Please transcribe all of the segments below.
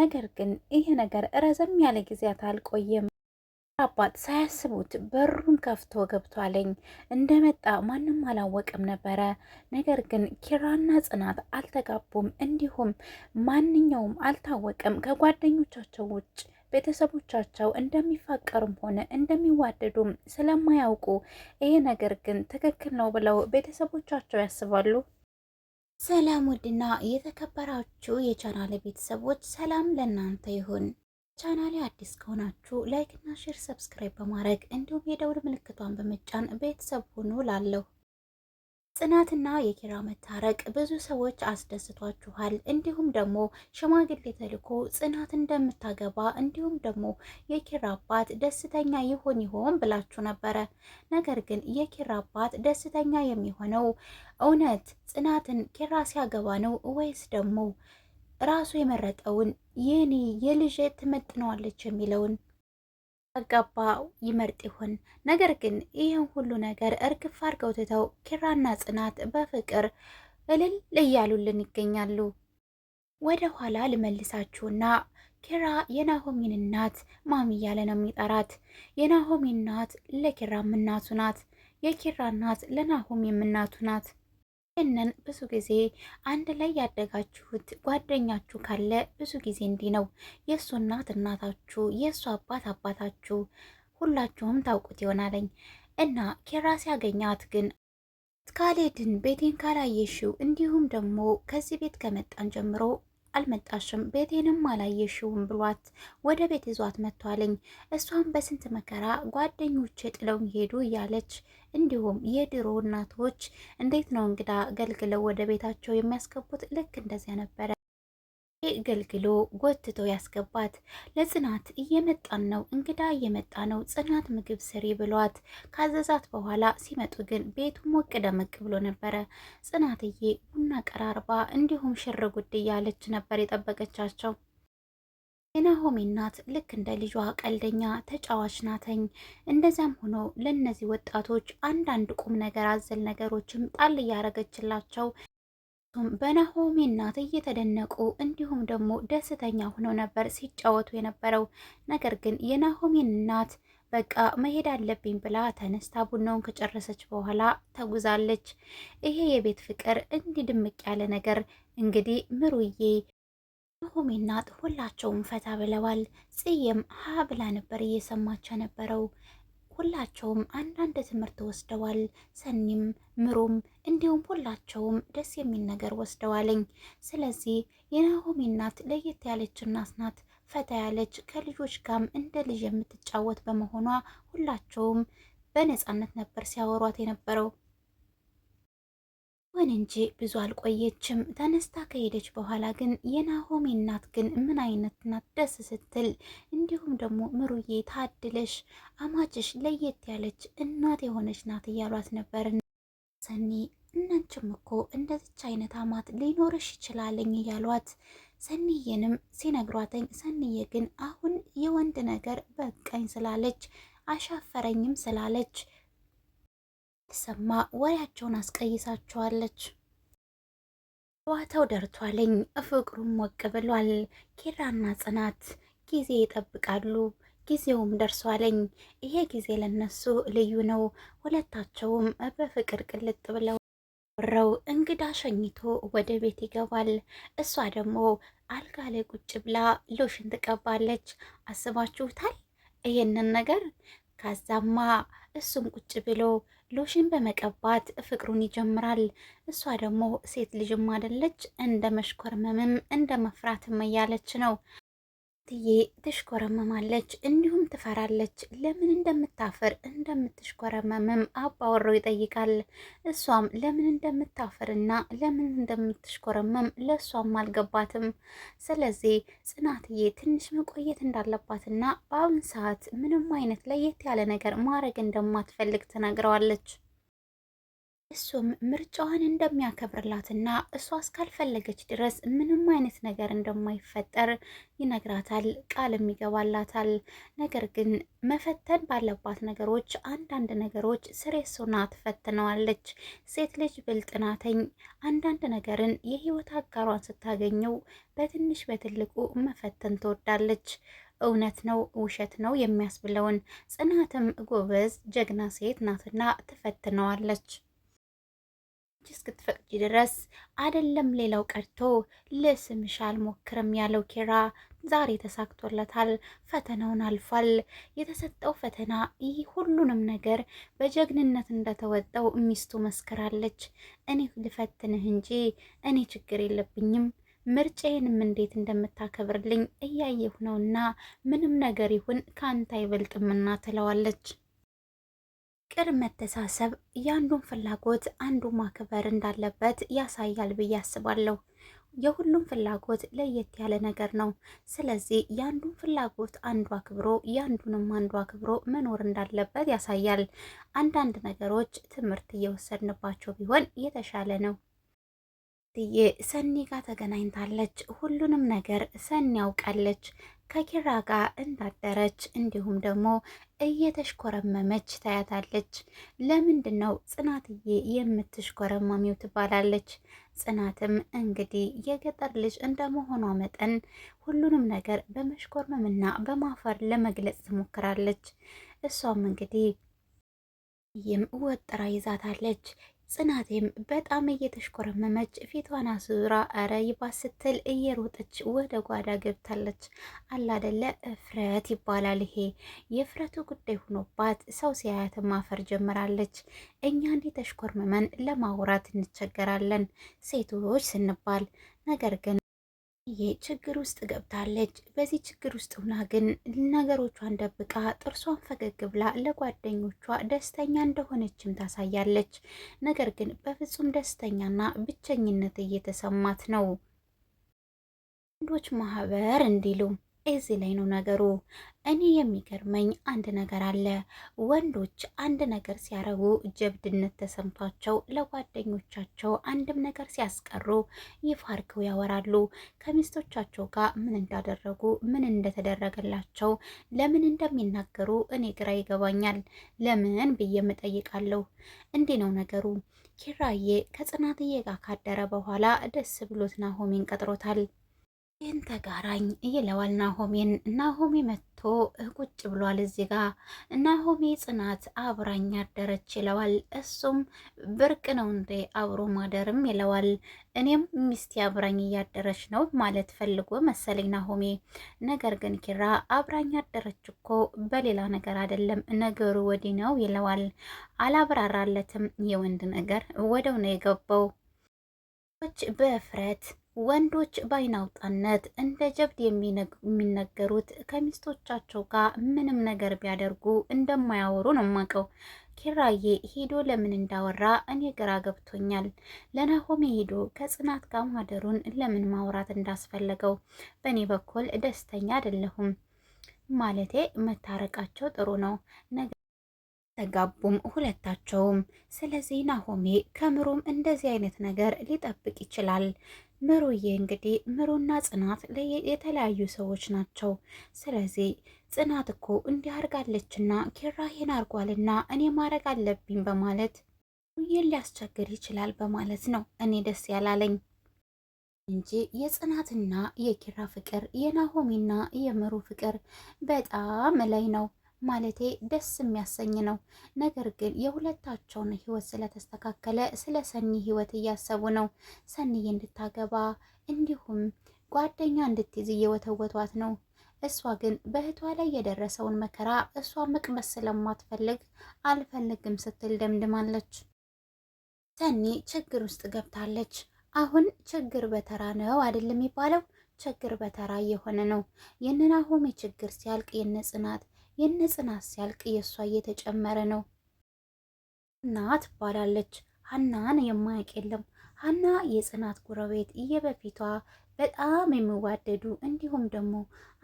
ነገር ግን ይሄ ነገር ረዘም ያለ ጊዜያት አልቆየም። አባት ሳያስቡት በሩን ከፍቶ ገብቷለኝ። እንደመጣ ማንም አላወቅም ነበረ። ነገር ግን ኪራና ጽናት አልተጋቡም፣ እንዲሁም ማንኛውም አልታወቀም። ከጓደኞቻቸው ውጭ ቤተሰቦቻቸው እንደሚፋቀሩም ሆነ እንደሚዋደዱም ስለማያውቁ ይሄ ነገር ግን ትክክል ነው ብለው ቤተሰቦቻቸው ያስባሉ። ሰላም ውድና የተከበራችሁ የቻናል ቤተሰቦች ሰላም ለእናንተ ይሁን። ቻናል አዲስ ከሆናችሁ ላይክ እና ሼር፣ ሰብስክራይብ በማድረግ እንዲሁም የደውል ምልክቷን በመጫን ቤተሰብ ሁኑ ላለሁ ጽናትና የኪራ መታረቅ ብዙ ሰዎች አስደስቷችኋል። እንዲሁም ደግሞ ሽማግሌ ተልኮ ጽናት እንደምታገባ እንዲሁም ደግሞ የኪራ አባት ደስተኛ ይሆን ይሆን ብላችሁ ነበረ። ነገር ግን የኪራ አባት ደስተኛ የሚሆነው እውነት ጽናትን ኪራ ሲያገባ ነው ወይስ ደግሞ ራሱ የመረጠውን የኔ የልጄ ትመጥነዋለች የሚለውን አጋባ ይመርጥ ይሆን? ነገር ግን ይህን ሁሉ ነገር እርግፍ አድርገው ትተው ኪራና ጽናት በፍቅር እልል እያሉልን ይገኛሉ። ወደ ኋላ ልመልሳችሁና ኪራ የናሆሚን እናት ማሚ እያለ ነው የሚጠራት። የናሆሚ እናት ለኪራም እናቱ ናት። የኪራ እናት ለናሆሚም እናቱ ናት። ይህንን ብዙ ጊዜ አንድ ላይ ያደጋችሁት ጓደኛችሁ ካለ ብዙ ጊዜ እንዲህ ነው። የእሱ እናት እናታችሁ፣ የእሱ አባት አባታችሁ፣ ሁላችሁም ታውቁት ይሆናለኝ እና ኬራ ሲያገኛት ግን ካሌድን ቤቴን ካላየሽው እንዲሁም ደግሞ ከዚህ ቤት ከመጣን ጀምሮ አልመጣሽም ቤቴንም አላየሽውም ብሏት ወደ ቤት ይዟት መጥቷልኝ። እሷም በስንት መከራ ጓደኞች ጥለው ሄዱ እያለች እንዲሁም የድሮ እናቶች እንዴት ነው እንግዳ ገልግለው ወደ ቤታቸው የሚያስገቡት? ልክ እንደዚያ ነበረ። ገልግሎ ጎትቶ ያስገባት። ለጽናት እየመጣን ነው እንግዳ እየመጣ ነው ጽናት ምግብ ስሪ ብሏት ካዘዛት በኋላ ሲመጡ ግን ቤቱ ሞቅ ደመቅ ብሎ ነበረ። ጽናትዬ ቡና ቀራርባ እንዲሁም ሽር ጉድ እያለች ነበር የጠበቀቻቸው። የናሆሜ እናት ልክ እንደ ልጇ ቀልደኛ ተጫዋች ናተኝ። እንደዚያም ሆኖ ለእነዚህ ወጣቶች አንዳንድ ቁም ነገር አዘል ነገሮችም ጣል እያረገችላቸው በናሆሚ እናት እየተደነቁ እንዲሁም ደግሞ ደስተኛ ሆኖ ነበር ሲጫወቱ የነበረው። ነገር ግን የናሆሚ እናት በቃ መሄድ አለብኝ ብላ ተነስታ ቡናውን ከጨረሰች በኋላ ተጉዛለች። ይሄ የቤት ፍቅር እንዲህ ድምቅ ያለ ነገር እንግዲህ ምሩዬ ናሆሚ እናት ሁላቸውም ፈታ ብለዋል። ጽዬም ሀ ብላ ነበር እየሰማች ነበረው። ሁላቸውም አንዳንድ ትምህርት ወስደዋል። ሰኒም ምሩም፣ እንዲሁም ሁላቸውም ደስ የሚል ነገር ወስደዋልኝ ስለዚህ የናሆሚ እናት ለየት ያለች እናት ናት። ፈታ ያለች ከልጆች ጋርም እንደ ልጅ የምትጫወት በመሆኗ ሁላቸውም በነፃነት ነበር ሲያወሯት የነበረው። ይሁን እንጂ ብዙ አልቆየችም። ተነስታ ከሄደች በኋላ ግን የናሆሜ እናት ግን ምን አይነት ናት ደስ ስትል፣ እንዲሁም ደግሞ ምሩዬ ታድለሽ፣ አማችሽ ለየት ያለች እናት የሆነች ናት እያሏት ነበር። ሰኒ እናንችም እኮ እንደዚች አይነት አማት ሊኖርሽ ይችላለኝ እያሏት ሰኒዬንም ሲነግሯተኝ፣ ሰኒዬ ግን አሁን የወንድ ነገር በቃኝ ስላለች አሻፈረኝም ስላለች ስትሰማ ወሬያቸውን አስቀይሳቸዋለች። ዋተው ደርቷለኝ ፍቅሩም ሞቅ ብሏል። ኪራና ጽናት ጊዜ ይጠብቃሉ። ጊዜውም ደርሷለኝ። ይሄ ጊዜ ለነሱ ልዩ ነው። ሁለታቸውም በፍቅር ቅልጥ ብለው ረው እንግዳ ሸኝቶ ወደ ቤት ይገባል። እሷ ደግሞ አልጋ ላይ ቁጭ ብላ ሎሽን ትቀባለች። አስባችሁታል ይሄንን ነገር ከዛማ እሱም ቁጭ ብሎ ሎሽን በመቀባት ፍቅሩን ይጀምራል። እሷ ደግሞ ሴት ልጅም አይደለች እንደ መሽኮርመምም እንደ መፍራትም እያለች ነው። እትዬ ትሽኮረመማለች፣ እንዲሁም ትፈራለች። ለምን እንደምታፍር እንደምትሽኮረመምም አባወራው ይጠይቃል። እሷም ለምን እንደምታፈርና ለምን እንደምትሽኮረመም ለእሷም አልገባትም። ስለዚህ ጽናትዬ ትንሽ መቆየት እንዳለባትና በአሁን ሰዓት ምንም አይነት ለየት ያለ ነገር ማድረግ እንደማትፈልግ ትነግረዋለች። እሱም ምርጫዋን እንደሚያከብርላትና እሷ እስካልፈለገች ድረስ ምንም አይነት ነገር እንደማይፈጠር ይነግራታል፣ ቃልም ይገባላታል። ነገር ግን መፈተን ባለባት ነገሮች አንዳንድ ነገሮች ስሬሱና ትፈትነዋለች። ሴት ልጅ ብልጥ ናተኝ። አንዳንድ ነገርን የህይወት አጋሯን ስታገኘው በትንሽ በትልቁ መፈተን ትወዳለች። እውነት ነው ውሸት ነው የሚያስብለውን ጽናትም ጎበዝ ጀግና ሴት ናትና ትፈትነዋለች። እስክትፈቅጂ ድረስ አደለም ሌላው ቀርቶ ልስምሽ አልሞክርም ያለው ኪራ ዛሬ ተሳክቶለታል። ፈተናውን አልፏል። የተሰጠው ፈተና ይህ ሁሉንም ነገር በጀግንነት እንደተወጣው ሚስቱ መስክራለች። እኔ ልፈትንህ እንጂ እኔ ችግር የለብኝም ምርጫዬንም እንዴት እንደምታከብርልኝ እያየሁ ነውና ምንም ነገር ይሁን ከአንተ አይበልጥምና ትለዋለች። ፍቅር፣ መተሳሰብ፣ የአንዱን ፍላጎት አንዱ ማክበር እንዳለበት ያሳያል ብዬ አስባለሁ። የሁሉም ፍላጎት ለየት ያለ ነገር ነው። ስለዚህ የአንዱን ፍላጎት አንዱ አክብሮ የአንዱንም አንዱ አክብሮ መኖር እንዳለበት ያሳያል። አንዳንድ ነገሮች ትምህርት እየወሰድንባቸው ቢሆን የተሻለ ነው። ትዬ ሰኒ ጋር ተገናኝታለች። ሁሉንም ነገር ሰኒ ያውቃለች። ከኪራ ጋር እንዳደረች እንዲሁም ደግሞ እየተሽኮረመመች ታያታለች። ለምንድን ነው ጽናትዬ የምትሽኮረመሚው ትባላለች። ጽናትም እንግዲህ የገጠር ልጅ እንደመሆኗ መጠን ሁሉንም ነገር በመሽኮርመምና በማፈር ለመግለጽ ትሞክራለች። እሷም እንግዲህ ይህም ወጥራ ይዛታለች። ጽናቴም በጣም እየተሽኮረመመች ፊቷን አስዙራ ኧረ ይባ ስትል እየሮጠች ወደ ጓዳ ገብታለች። አላደለ እፍረት ይባላል ይሄ የእፍረቱ ጉዳይ ሆኖባት ሰው ሲያያት ማፈር ጀምራለች። እኛ እንዲህ ተሽኮርመመን ለማውራት እንቸገራለን ሴቶች ስንባል ነገር ግን ችግር ውስጥ ገብታለች። በዚህ ችግር ውስጥ ሁና ግን ነገሮቿን ደብቃ ጥርሷን ፈገግ ብላ ለጓደኞቿ ደስተኛ እንደሆነችም ታሳያለች። ነገር ግን በፍጹም ደስተኛና ብቸኝነት እየተሰማት ነው። ወንዶች ማህበር እንዲሉ እዚህ ላይ ነው ነገሩ። እኔ የሚገርመኝ አንድ ነገር አለ። ወንዶች አንድ ነገር ሲያረጉ ጀብድነት ተሰምቷቸው ለጓደኞቻቸው አንድም ነገር ሲያስቀሩ ይፋ ያወራሉ። ከሚስቶቻቸው ጋር ምን እንዳደረጉ፣ ምን እንደተደረገላቸው፣ ለምን እንደሚናገሩ እኔ ግራ ይገባኛል። ለምን ብዬ ምጠይቃለሁ? እንዲህ ነው ነገሩ። ኪራዬ ከጽናትዬ ጋር ካደረ በኋላ ደስ ብሎት ናሆሜን ቀጥሮታል። ይህን ተጋራኝ ይለዋል ናሆሜን። ናሆሜ መጥቶ ቁጭ ብሏል እዚህ ጋ። ናሆሜ ጽናት አብራኝ አደረች ይለዋል። እሱም ብርቅ ነው እንዴ አብሮ ማደርም ይለዋል። እኔም ሚስቴ አብራኝ እያደረች ነው ማለት ፈልጎ መሰለኝ ናሆሜ። ነገር ግን ኪራ አብራኝ አደረች እኮ በሌላ ነገር አይደለም ነገሩ ወዲህ ነው ይለዋል። አላብራራለትም የወንድ ነገር ወደው ነው የገባው ች በፍረት ወንዶች ባይናውጣነት እንደ ጀብድ የሚነገሩት ከሚስቶቻቸው ጋር ምንም ነገር ቢያደርጉ እንደማያወሩ ነው የማውቀው። ኪራዬ ሄዶ ለምን እንዳወራ እኔ ግራ ገብቶኛል። ለናሆሜ ሄዶ ከጽናት ጋር ማደሩን ለምን ማውራት እንዳስፈለገው በእኔ በኩል ደስተኛ አይደለሁም። ማለቴ መታረቃቸው ጥሩ ነው ነገ ተጋቡም ሁለታቸውም። ስለዚህ ናሆሜ ከምሩም እንደዚህ አይነት ነገር ሊጠብቅ ይችላል። ምሩዬ እንግዲህ ምሩና ጽናት የተለያዩ ሰዎች ናቸው። ስለዚህ ጽናት እኮ እንዲህ አርጋለችና ኪራሄን አርጓልና እኔ ማድረግ አለብኝ በማለት ምሩዬን ሊያስቸግር ይችላል በማለት ነው እኔ ደስ ያላለኝ እንጂ የጽናትና የኪራ ፍቅር የናሆሚና የምሩ ፍቅር በጣም ላይ ነው። ማለቴ ደስ የሚያሰኝ ነው። ነገር ግን የሁለታቸውን ህይወት ስለተስተካከለ ስለ ሰኒ ህይወት እያሰቡ ነው። ሰኒዬ እንድታገባ እንዲሁም ጓደኛ እንድትይዝ እየወተወቷት ነው። እሷ ግን በእህቷ ላይ የደረሰውን መከራ እሷ መቅመስ ስለማትፈልግ አልፈልግም ስትል ደምድማለች። ሰኒ ችግር ውስጥ ገብታለች። አሁን ችግር በተራ ነው አይደል የሚባለው? ችግር በተራ እየሆነ ነው። የእነ ናሆሜ ችግር ሲያልቅ የእነ ጽናት የነ ጽናት ሲያልቅ የእሷ እየተጨመረ ነው። ሀና ትባላለች። ሀናን የማያውቅ የለም። ሀና የጽናት ጎረቤት እየበፊቷ በጣም የሚዋደዱ እንዲሁም ደግሞ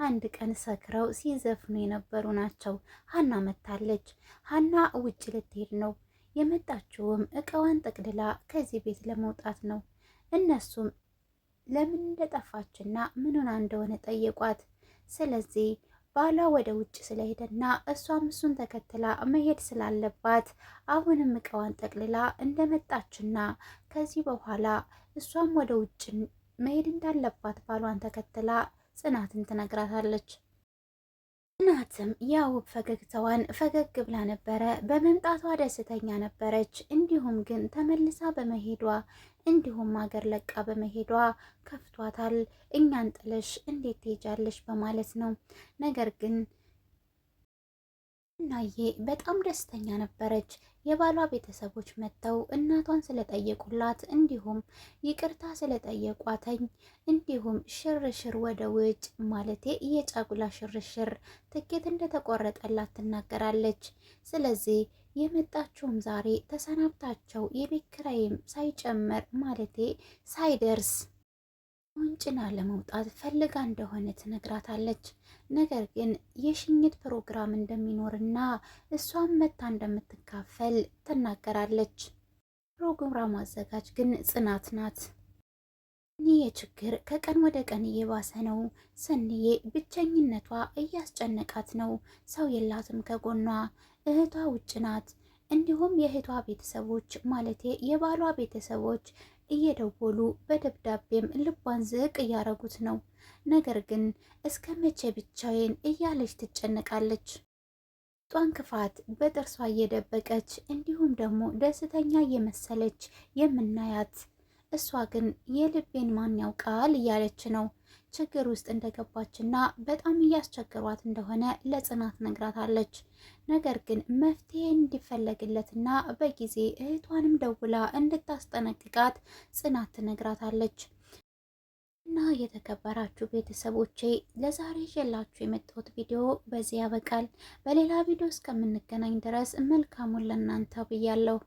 አንድ ቀን ሰክረው ሲዘፍኑ የነበሩ ናቸው። ሀና መታለች። ሀና ውጭ ልትሄድ ነው የመጣችውም እቃዋን ጠቅልላ ከዚህ ቤት ለመውጣት ነው። እነሱም ለምን እንደጠፋችና ምኑና እንደሆነ ጠየቋት። ስለዚህ ባሏ ወደ ውጭ ስለሄደና እሷም እሱን ተከትላ መሄድ ስላለባት አሁንም እቃዋን ጠቅልላ እንደመጣችና ከዚህ በኋላ እሷም ወደ ውጭ መሄድ እንዳለባት ባሏን ተከትላ ጽናትን ትነግራታለች። ጽናትም ያው ፈገግታዋን ፈገግ ብላ ነበረ። በመምጣቷ ደስተኛ ነበረች። እንዲሁም ግን ተመልሳ በመሄዷ እንዲሁም አገር ለቃ በመሄዷ ከፍቷታል። እኛን ጥለሽ እንዴት ትሄጃለሽ በማለት ነው ነገር ግን እናዬ በጣም ደስተኛ ነበረች። የባሏ ቤተሰቦች መጥተው እናቷን ስለጠየቁላት እንዲሁም ይቅርታ ስለጠየቋተኝ እንዲሁም ሽርሽር ወደ ውጭ ማለቴ የጫጉላ ሽርሽር ትኬት እንደተቆረጠላት ትናገራለች። ስለዚህ የመጣችውም ዛሬ ተሰናብታቸው የቤት ኪራይም ሳይጨመር ማለቴ ሳይደርስ ወንጭና ለመውጣት ፈልጋ እንደሆነ ትነግራታለች። ነገር ግን የሽኝት ፕሮግራም እንደሚኖርና እሷም መታ እንደምትካፈል ትናገራለች። ፕሮግራም አዘጋጅ ግን ጽናት ናት። ስንዬ ችግር ከቀን ወደ ቀን እየባሰ ነው። ስንዬ ብቸኝነቷ እያስጨነቃት ነው። ሰው የላትም ከጎኗ እህቷ ውጭ ናት። እንዲሁም የእህቷ ቤተሰቦች ማለቴ የባሏ ቤተሰቦች እየደወሉ በደብዳቤም ልቧን ዝቅ እያረጉት ነው። ነገር ግን እስከ መቼ ብቻዬን እያለች ትጨነቃለች። ጧን ክፋት በጥርሷ እየደበቀች እንዲሁም ደግሞ ደስተኛ እየመሰለች የምናያት እሷ ግን የልቤን ማን ያውቃል እያለች ነው። ችግር ውስጥ እንደገባችና በጣም እያስቸግሯት እንደሆነ ለጽናት ነግራታለች። ነገር ግን መፍትሄ እንዲፈለግለትና በጊዜ እህቷንም ደውላ እንድታስጠነቅቃት ጽናት ትነግራታለች። እና የተከበራችሁ ቤተሰቦቼ ለዛሬ ይዤላችሁ የመጣሁት ቪዲዮ በዚህ ያበቃል። በሌላ ቪዲዮ እስከምንገናኝ ድረስ መልካሙን ለእናንተ ብያለሁ።